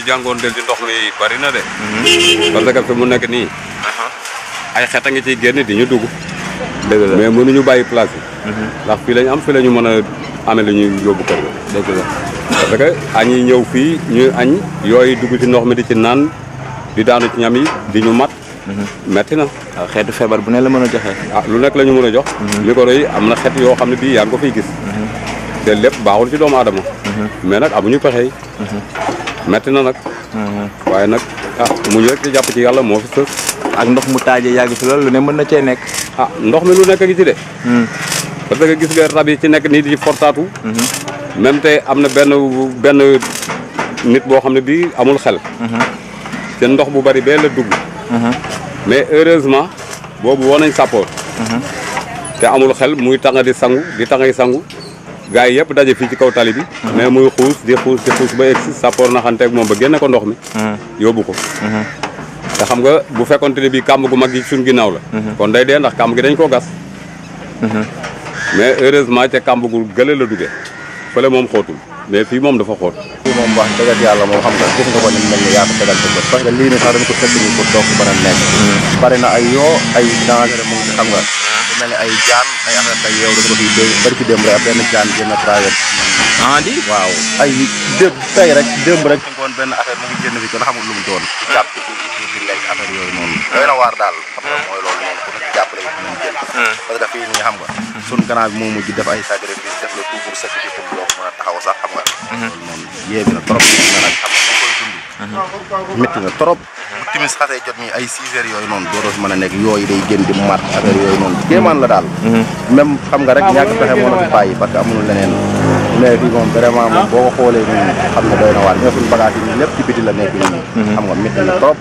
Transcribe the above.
ci de ci ndox mi bari na de. Mhm. parce que fi mu nekk nii. Uh-huh. ay xet a ngi ciy génn di ñu dugg. mais la mais mënuñu bàyyi place yi. Mhm. ndax fii lañ am fi la ñu mën a amee lu ñuy yóbbu kër ga. la parce que añ yi ñëw fii ñuy añ yooyu dugg ci ndox mi di ci naan di daanu ci ñam yi di ñu mat. Mhm. metti na. waaw feebar bu ne la mën a joxe. ah lu nekk la ñu mën a jox. micro yi am na xeet yoo xam ne bii yaa ngi ko fiy gis. te lépp baaxul ci doomu aadama. mais nag amuñu pexe yi. metti na nag. Mhm. waaye nag ah muñ rek di jàpp ci yàlla moo fi ak ndox mu taajee yàgg fi loolu lu ne mën na cee nekk. ah ndox mi lu nekk gi ci de. Mhm. parce que gis nga rab yi ci nekk nii di fortaatu. Mhm. même te am na benn benn nit boo xam ne bii amul xel. te ndox bu bari bee la dugg. mais heureusement boobu woo nañ sàppoor. te amul xel muy tanga di sangu di tangay sangu. gars yi yëpp daje fii ci kaw tali bi mais muy xuus di xuus di xuus ba egsi sàppoor xanteeg moom ba génne ko ndox mi hmm. yóbu ko hmm. te xam nga bu fekkonte ne bi kàmb gu mag yi suñ ginnaaw la hmm. kon day dee ndax kàmb gi dañ koo gas mais heureusement ca kàmb gu gële la duggee fële moom xóotul mais fii moom dafa xóot fii moom wax dëgg yàlla moom xam nga gis nga ko ni mel ni ko tegal sa ko sëkk ko mën nekk bari na ay yoo ay danger mu ngi xam nga bu mel ni ay jaan ay affaire ay yow rek benn jaan génn traverse ah di waaw ay démb tey rek démb rek benn affaire mu ngi génn fi xamul lu doon jàpp parce que fii nii xam nga. sunu gannaaw bi moo mujj def ay sacrifice def la tout pour sacrifice pour a taxaw sax xam nga. Mhm. loolu moom na trop mhm. métti na nag xam nga koy mën a nekk yooyu day gën di mat affaire yooyu noonu kéemaan la daal. Mhm. même xam nga rek ah, ñàkk pexe moo la fi bàyyi parce que amul leneen. mais fii moom vraiment moom ah. boo ko xoolee nii xam ne doy na waar ñoo suñu bagage yi nii lépp ci biti la nekk nii. xam nga métti na trop.